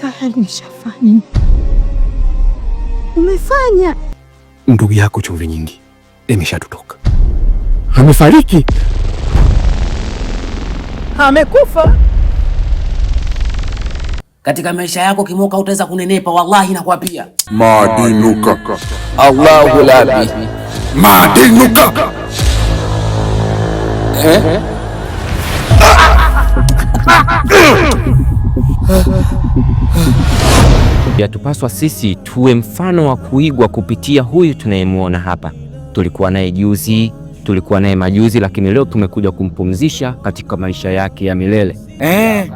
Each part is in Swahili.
tayari ushafanya, umefanya. Ndugu yako chumvi nyingi imeshatutoka, amefariki, amekufa. Katika maisha yako kimoka utaweza kunenepa, wallahi nakwapia. Madinuka Allahu labi madinuka eh? eh? Yatupaswa sisi tuwe mfano wa kuigwa kupitia huyu tunayemwona hapa. Tulikuwa naye juzi, tulikuwa naye majuzi, lakini leo tumekuja kumpumzisha katika maisha yake ya milele eh.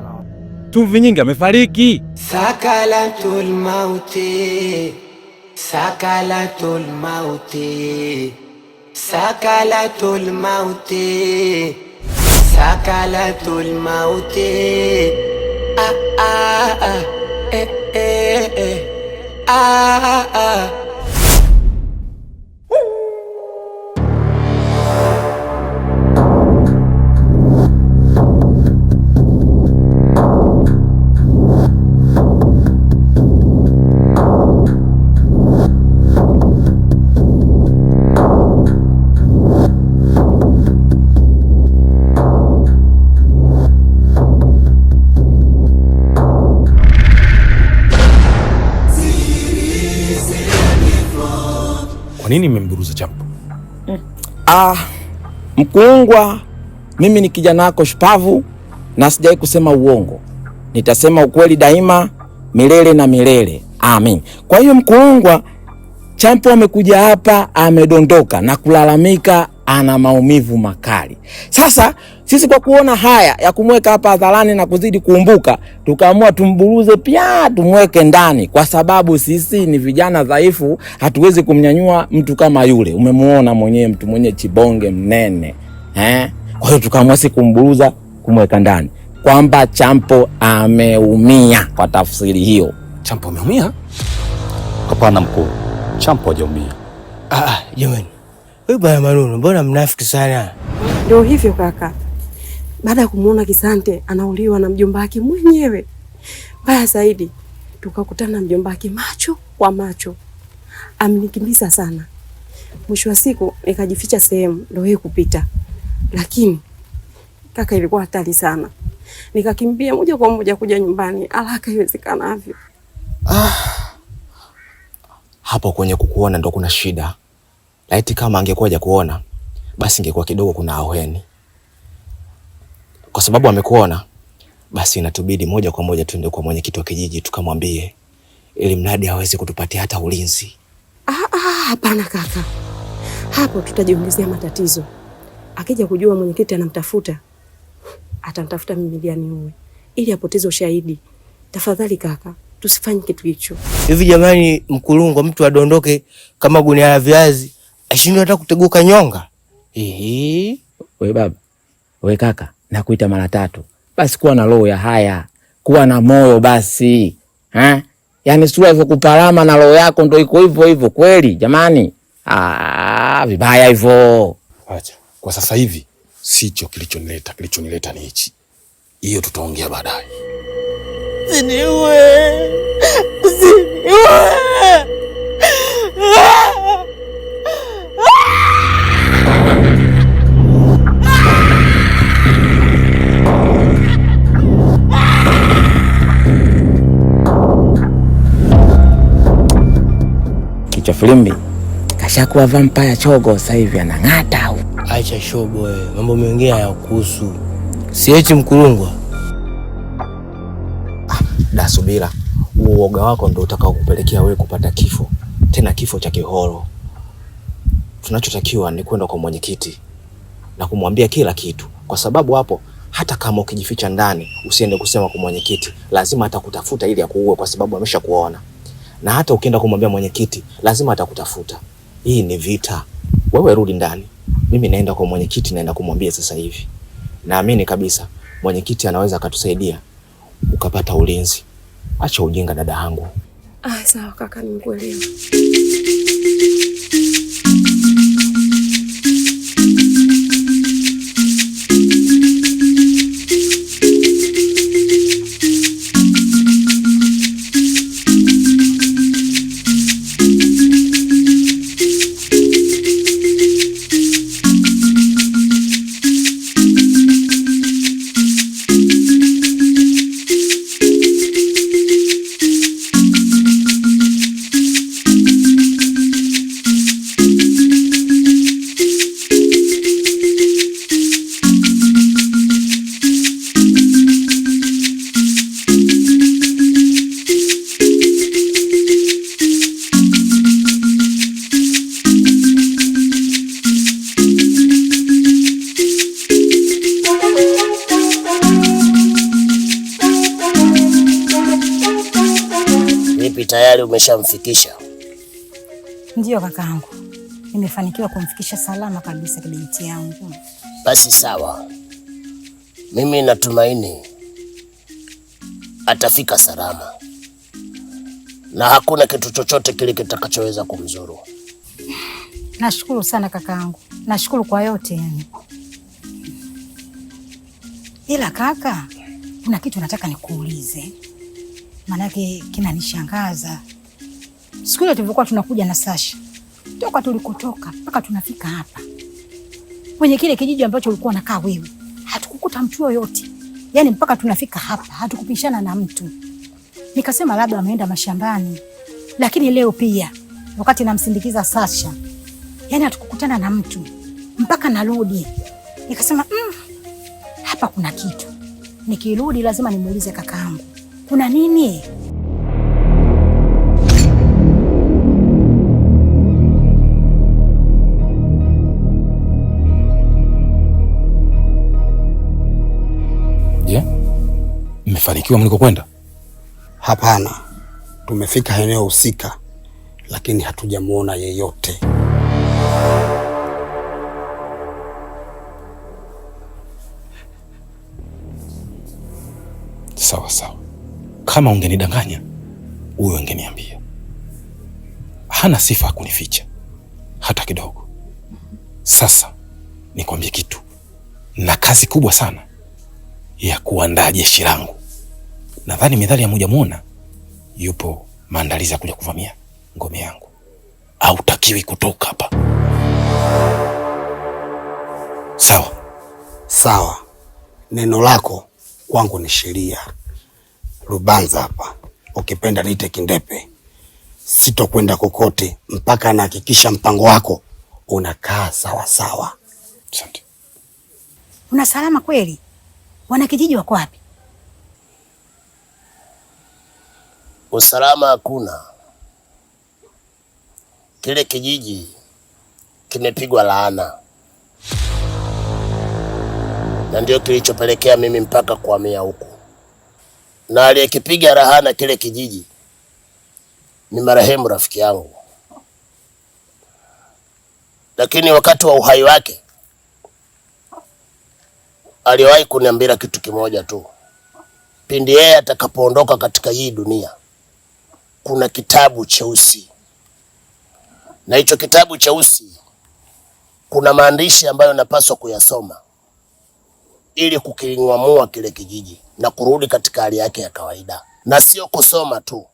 Tumvi Nyingi amefariki. Sakalatul mauti, sakalatul mauti, sakalatul mauti, sakalatul mauti ah ah ah eh eh eh ah ah, ah. nini mmemburuza Chambo? Mm. Ah, mkuungwa, mimi ni kijana wako shupavu na sijai kusema uongo, nitasema ukweli daima milele na milele. Amin. Kwa hiyo mkuungwa, Champo amekuja hapa amedondoka na kulalamika ana maumivu makali. Sasa sisi kwa kuona haya ya kumweka hapa hadharani na kuzidi kuumbuka, tukaamua tumburuze pia tumweke ndani, kwa sababu sisi ni vijana dhaifu, hatuwezi kumnyanyua mtu kama yule. Umemuona mwenyewe, mtu mwenye chibonge mnene eh? Kwa hiyo tukaamua si kumburuza, kumweka ndani kwamba Champo ameumia. Kwa tafsiri hiyo, Champo ameumia? Hapana mkuu, Champo hajaumia. Ah, ah jamani, wewe bwana Manunu, mbona mnafiki sana? Ndio hivyo kaka. Baada ya kumuona Kisante anauliwa na mjomba wake mwenyewe, mbaya zaidi tukakutana na mjomba wake macho kwa macho, amnikimbiza sana. Mwisho wa siku nikajificha sehemu ndio yeye kupita, lakini kaka, ilikuwa hatari sana. Nikakimbia moja kwa moja kuja nyumbani haraka iwezekanavyo. Ah, hapo kwenye kukuona ndo kuna shida. Laiti kama angekuwa hajakuona basi ingekuwa kidogo kuna ahueni kwa sababu amekuona, basi inatubidi moja kwa moja tuende kwa mwenyekiti wa kijiji tukamwambie, ili mradi aweze kutupatia hata ulinzi. Ah, ah, hapana kaka, hapo tutajiongezea matatizo. Akija kujua mwenyekiti anamtafuta, atamtafuta mimi mimiliani uwe ili apoteze ushahidi. Tafadhali kaka, tusifanye kitu hicho. Hivi jamani, mkulungo mtu adondoke kama gunia la viazi, ashindwe hata kuteguka nyonga. Ehe, we baba, we kaka na kuita mara tatu, basi kuwa na roho ya haya, kuwa na moyo basi ha? Yani sura kuparama na roho yako ndo iko hivyo hivyo kweli jamani. Aa, ah, vibaya hivyo. Acha kwa sasa hivi sicho kilichonileta, kilichonileta ni hichi. Hiyo tutaongea baadaye. Ziniwe, ziniwe. filimbi kashakuwa vampaya chogo sasa hivi anang'ata au. Acha shogo wewe, mambo mengine hayakuhusu. Si eti mkurungwa ah, da subira. Uoga wako ndio utakao kupelekea wewe kupata kifo, tena kifo cha kihoro. Tunachotakiwa ni kwenda kwa mwenyekiti na kumwambia kila kitu, kwa sababu hapo hata kama ukijificha ndani usiende kusema kwa mwenyekiti, lazima atakutafuta ili akuue, kwa sababu ameshakuona na hata ukienda kumwambia mwenyekiti lazima atakutafuta. Hii ni vita. Wewe rudi ndani, mimi naenda kwa mwenyekiti, naenda kumwambia sasa hivi. Naamini kabisa mwenyekiti anaweza akatusaidia ukapata ulinzi. Acha ujinga, dada yangu. Ah, sawa kaka, nimekuelewa. umeshamfikisha? Ndiyo kakaangu, nimefanikiwa kumfikisha salama kabisa kibinti yangu. Basi sawa, mimi natumaini atafika salama na hakuna kitu chochote kile kitakachoweza kumzuru. Nashukuru sana kakaangu, nashukuru kwa yote yani. Ila kaka, kuna kitu nataka nikuulize, maanake kinanishangaza siku ile tulivyokuwa tunakuja na Sasha, toka tulikotoka mpaka tunafika hapa kwenye kile kijiji ambacho ulikuwa unakaa wewe, hatukukuta mtu yoyote Yaani mpaka tunafika hapa hatukupishana na mtu. Nikasema labda ameenda mashambani, lakini leo pia wakati namsindikiza Sasha, yaani hatukukutana na mtu mpaka narudi. Nikasema mm, hapa kuna kitu, nikirudi lazima nimuulize kakaangu kuna nini. mmefanikiwa mlikokwenda? Hapana, tumefika eneo husika, lakini hatujamwona yeyote. Sawa sawa, kama ungenidanganya huyo ungeniambia. Hana sifa ya kunificha hata kidogo. Sasa nikwambie kitu, na kazi kubwa sana ya kuandaa jeshi langu nadhani midhali ya moja muona yupo maandalizi ya kuja kuvamia ngome yangu. Hautakiwi kutoka hapa, sawa sawa? Neno lako kwangu ni sheria. Rubanza hapa, ukipenda niite Kindepe. Sitokwenda kokote mpaka nahakikisha mpango wako unakaa sawa sawa. Asante. Una salama kweli? Wanakijiji wako wapi? usalama hakuna. Kile kijiji kimepigwa laana, na ndio kilichopelekea mimi mpaka kuhamia huku, na aliyekipiga laana kile kijiji ni marehemu rafiki yangu, lakini wakati wa uhai wake aliwahi kuniambia kitu kimoja tu, pindi yeye atakapoondoka katika hii dunia kuna kitabu cheusi, na hicho kitabu cheusi kuna maandishi ambayo napaswa kuyasoma ili kuking'amua kile kijiji na kurudi katika hali yake ya kawaida, na sio kusoma tu.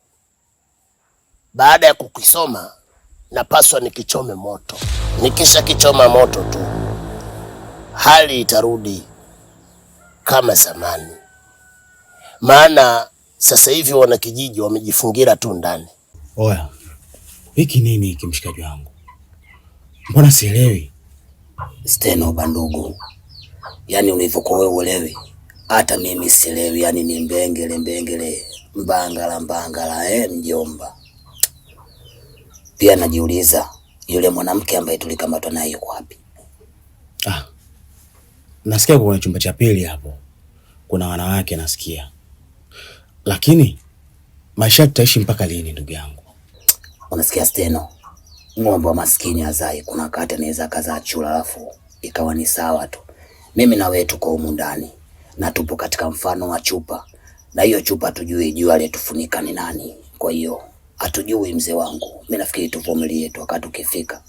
Baada ya kukisoma, napaswa nikichome moto. Nikisha kichoma moto tu, hali itarudi kama zamani, maana sasa hivi wanakijiji wamejifungira tu ndani. Oya, hiki nini hiki, mshikaji wangu? Mbona sielewi? Stenoba ndugu, yaani ulivyokuwa wewe uelewi, hata mimi sielewi. Yaani ni mbengele mbengele, mbangala mbangala, eh mjomba. Pia najiuliza yule mwanamke ambaye tulikamatwa naye yuko wapi? Ah, nasikia kwa chumba cha pili hapo kuna wanawake nasikia lakini maisha tutaishi mpaka lini, ndugu yangu? Unasikia Steno, ng'ombe wa maskini azai. Kuna wakati anaweza kazaa chura, alafu ikawa ni sawa tu. Mimi na wewe tuko humu ndani na tupo katika mfano wa chupa, na hiyo chupa tujui jua aliyetufunika ni nani. Kwa hiyo hatujui, mzee wangu, mimi nafikiri tuvumilie tu, wakati ukifika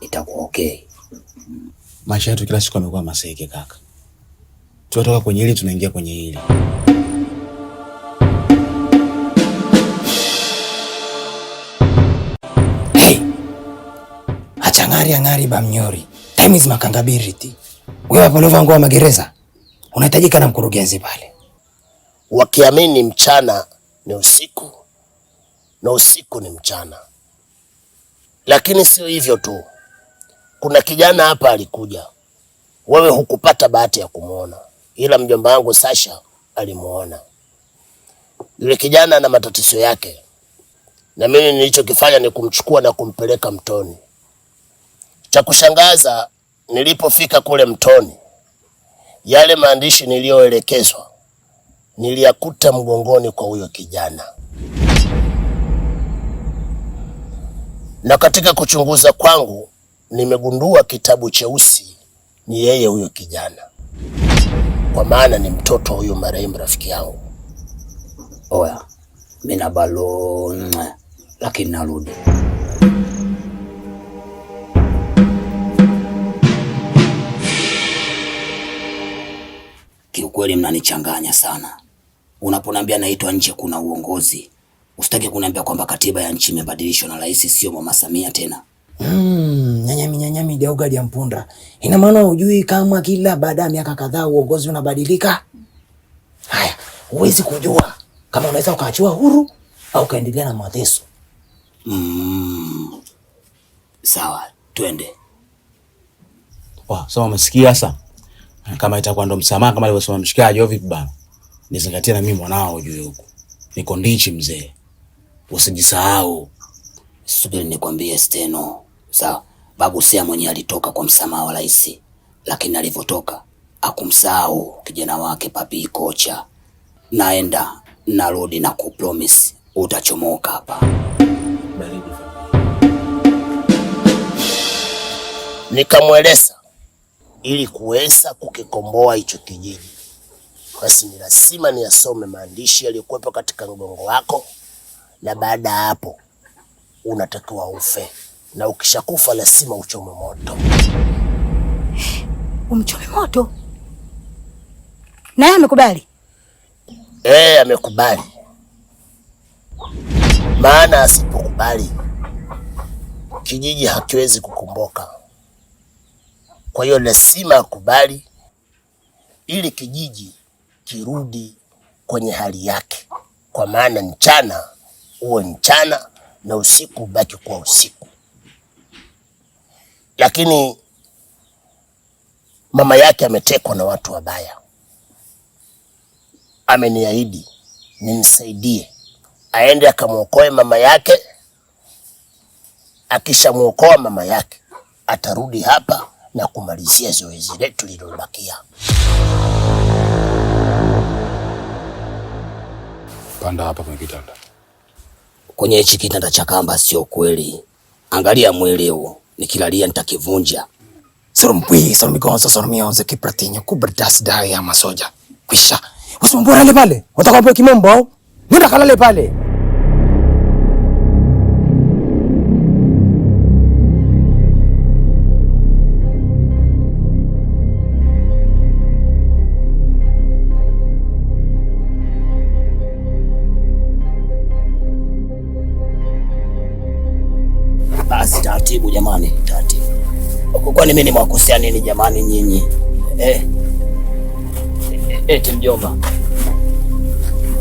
itakuwa okay. Maisha yetu kila siku amekuwa maseke kaka, tunatoka kwenye hili tunaingia kwenye hili. Angari angari bamnyori. Time is makangabiriti. Wewe pale vangu wa magereza. Unahitajika na mkurugenzi pale. Wakiamini mchana ni usiku na usiku ni mchana. Lakini sio hivyo tu. Kuna kijana hapa alikuja. Wewe hukupata bahati ya kumwona, ila mjomba wangu Sasha alimuona. Yule kijana ana matatizo yake, na mimi nilichokifanya ni kumchukua na kumpeleka mtoni. Cha kushangaza, nilipofika kule mtoni, yale maandishi niliyoelekezwa niliyakuta mgongoni kwa huyo kijana, na katika kuchunguza kwangu nimegundua kitabu cheusi ni yeye huyo kijana, kwa maana ni mtoto huyo marehemu rafiki yangu. Oya, mina balo lakini narudi Kiukweli mnanichanganya sana. Unaponiambia naitwa nje, kuna uongozi. Usitaki kuniambia kwamba katiba ya nchi imebadilishwa na rais sio mama Samia tena. Mm, nyanyami nyanyami dauga ya mpunda. Ina maana hujui kama kila baada ya miaka kadhaa uongozi unabadilika? Haya, huwezi kujua kama unaweza ukaachiwa huru au kaendelea na mateso. Mm. Sawa, twende. Sawa, umesikia sasa? Kama itakuwa ndo msamaha kama alivyosema mshikaji au oh, vipi bana? Nizingatie na mimi mwanao juu huko. Niko ndichi mzee. Usijisahau. Subiri nikwambie Steno. Sawa. Babu Sia mwenyewe alitoka kwa msamaha wa rais, lakini alivyotoka akumsahau kijana wake Papi Kocha. Naenda narudi na promise utachomoka hapa. Nikamweleza ili kuweza kukikomboa hicho kijiji. Basi ni lazima niyasome maandishi yaliyokuwepo katika mgongo wako, na baada ya hapo unatakiwa ufe, na ukishakufa lazima uchome moto. Umchome moto? Naye amekubali? Eh, amekubali, maana asipokubali kijiji hakiwezi kukumboka. Kwa hiyo lazima akubali ili kijiji kirudi kwenye hali yake, kwa maana mchana huo mchana na usiku ubaki kuwa usiku. Lakini mama yake ametekwa na watu wabaya. Ameniahidi nimsaidie aende akamwokoe mama yake. Akishamwokoa mama yake atarudi hapa na kumalizia zoezi letu lililobakia. Panda hapa kwenye kitanda. Kwenye hichi kitanda cha kamba? Sio kweli, angalia mwili nikilalia nitakivunja. Sormpwi sormigonzo sorumionze kipratinyo kubradas masoja kwisha. Usimwambie lale pale, watakwambia kimombo au nenda kalale pale. jamani, tati, kwani mimi nimewakosea nini jamani nyinyi eh? eh eti mjomba,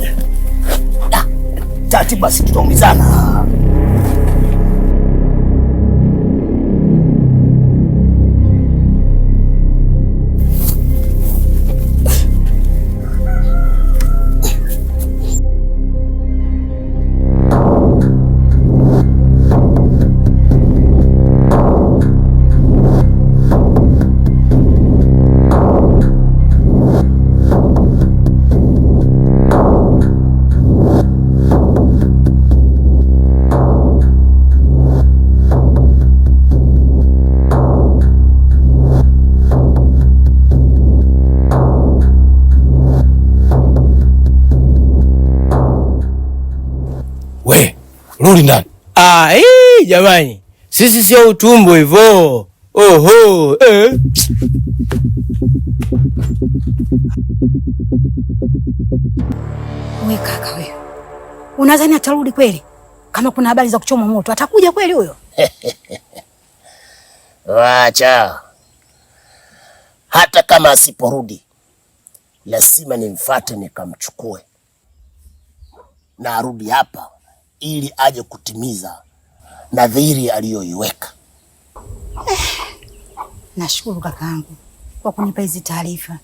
eh. tati, basi tutaumizana. vizuri ndani. Ah, hii eh, jamani. Sisi sio utumbo hivyo. Oho, eh. Wewe kaka wewe. Unadhani atarudi kweli? Kama kuna habari za kuchoma moto, atakuja kweli huyo? Wacha. Hata kama asiporudi, lazima nimfuate nikamchukue na arudi hapa ili aje kutimiza nadhiri aliyoiweka. Eh, nashukuru kakaangu kwa kunipa hizi taarifa,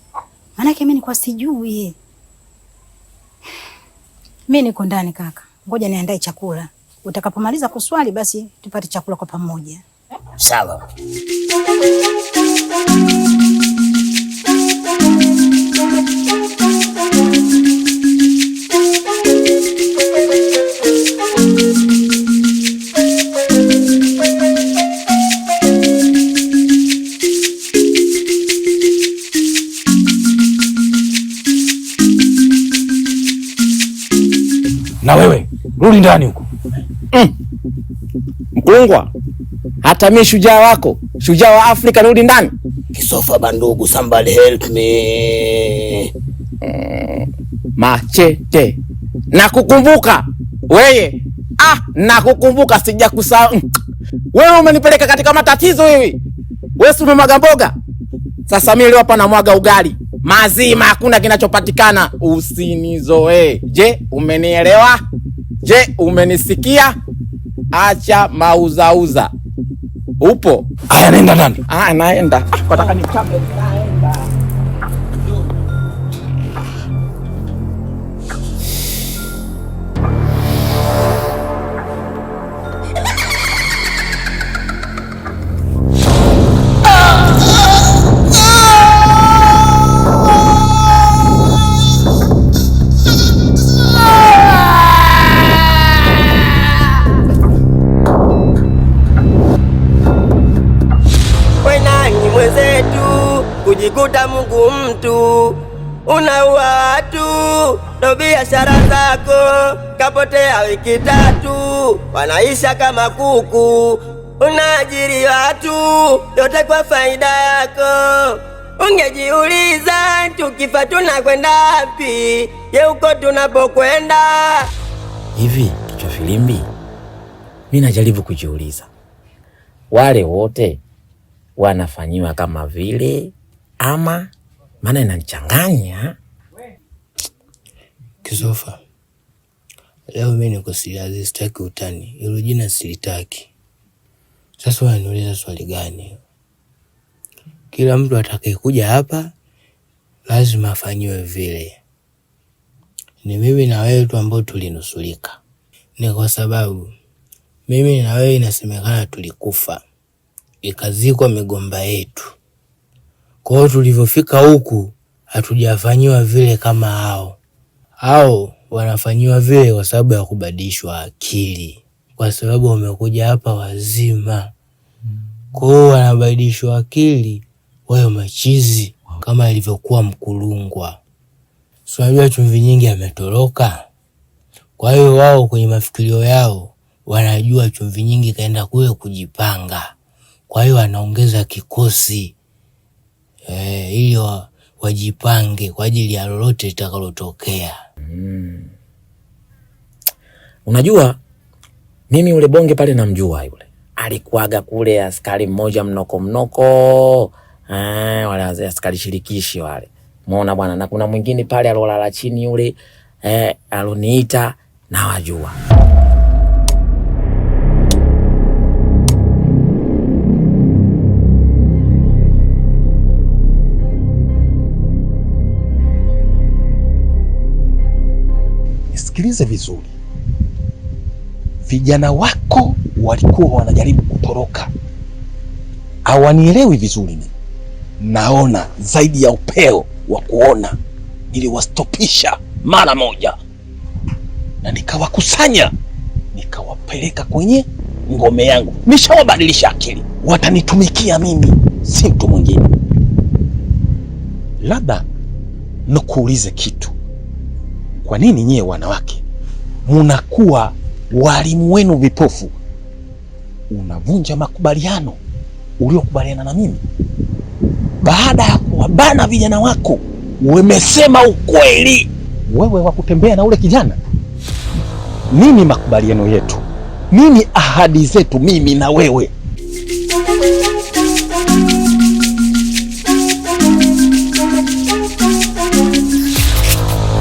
maanake mimi kwa sijui. Mimi niko ndani kaka, ngoja niandae chakula. Utakapomaliza kuswali, basi tupate chakula kwa pamoja. Sawa. Rudi ndani huko mm. Mkungwa, hata mi shujaa wako, shujaa wa Afrika, rudi ndani. Kisofa bandugu, somebody help me. Mm. Machete nakukumbuka weye, ah, nakukumbuka sijakusahau mm. wewe. Umenipeleka katika matatizo hivi, wewe si umemwaga mboga? Sasa mimi leo hapa namwaga ugali mazima, hakuna kinachopatikana. usinizoe Je, umenielewa? Je, umenisikia? Acha mauzauza. Upo? Aya, ah, naenda nani? Aya, naenda. Kwa Ah, nataka nichape. wiki tatu, wanaisha kama kuku. unaajiri watu yote kwa faida yako. Ungejiuliza, tukifa tunakwenda wapi? Ye uko tunapokwenda hivi? Kichwa filimbi, mimi najaribu kujiuliza, wale wote wanafanyiwa kama vile ama, maana inanichanganya kisofa Leo mimi niko serious, sitaki utani, hilo jina silitaki. Sasa unaniuliza swali gani? Kila mtu atakayekuja hapa lazima afanyiwe vile. Ni mimi na wewe tu ambao tulinusulika ni kwa sababu mimi na wewe inasemekana tulikufa ikazikwa migomba yetu. Kwa hiyo tulivyofika huku hatujafanyiwa vile kama hao hao wanafanyiwa vile kwa sababu ya kubadilishwa akili, kwa sababu wamekuja hapa wazima. Kwa hiyo wanabadilishwa akili wayo machizi, kama ilivyokuwa Mkulungwa. Si unajua chumvi nyingi ametoroka, kwa hiyo wao kwenye mafikirio yao wanajua chumvi nyingi kaenda kule kujipanga, kwa hiyo wanaongeza kikosi e, ili wajipange kwa ajili ya lolote litakalotokea. Mm. Unajua mimi ule bonge pale namjua yule. alikuaga kule askari mmoja mnoko mnoko. Ah, wale askari shirikishi wale. Muona bwana na kuna mwingine pale alolala chini yule eh, aloniita na wajua. Nisikilize vizuri vijana wako walikuwa wanajaribu kutoroka, hawanielewi vizuri. Ni naona zaidi ya upeo wa kuona, niliwastopisha mara moja na nikawakusanya nikawapeleka kwenye ngome yangu. Nishawabadilisha akili, watanitumikia mimi, si mtu mwingine. Labda nikuulize kitu, kwa nini nyie wanawake munakuwa walimu wenu vipofu, unavunja makubaliano uliokubaliana na mimi. Baada ya kuwabana vijana wako, umesema ukweli wewe wa kutembea na ule kijana. Nini makubaliano yetu? Nini ahadi zetu, mimi na wewe?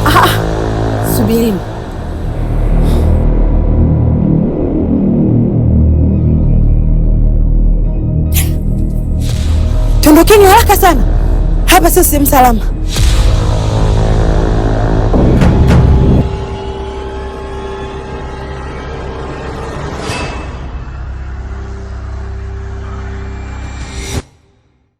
Aha, ah, subirini. ondokeni haraka sana, hapa sio sehemu salama.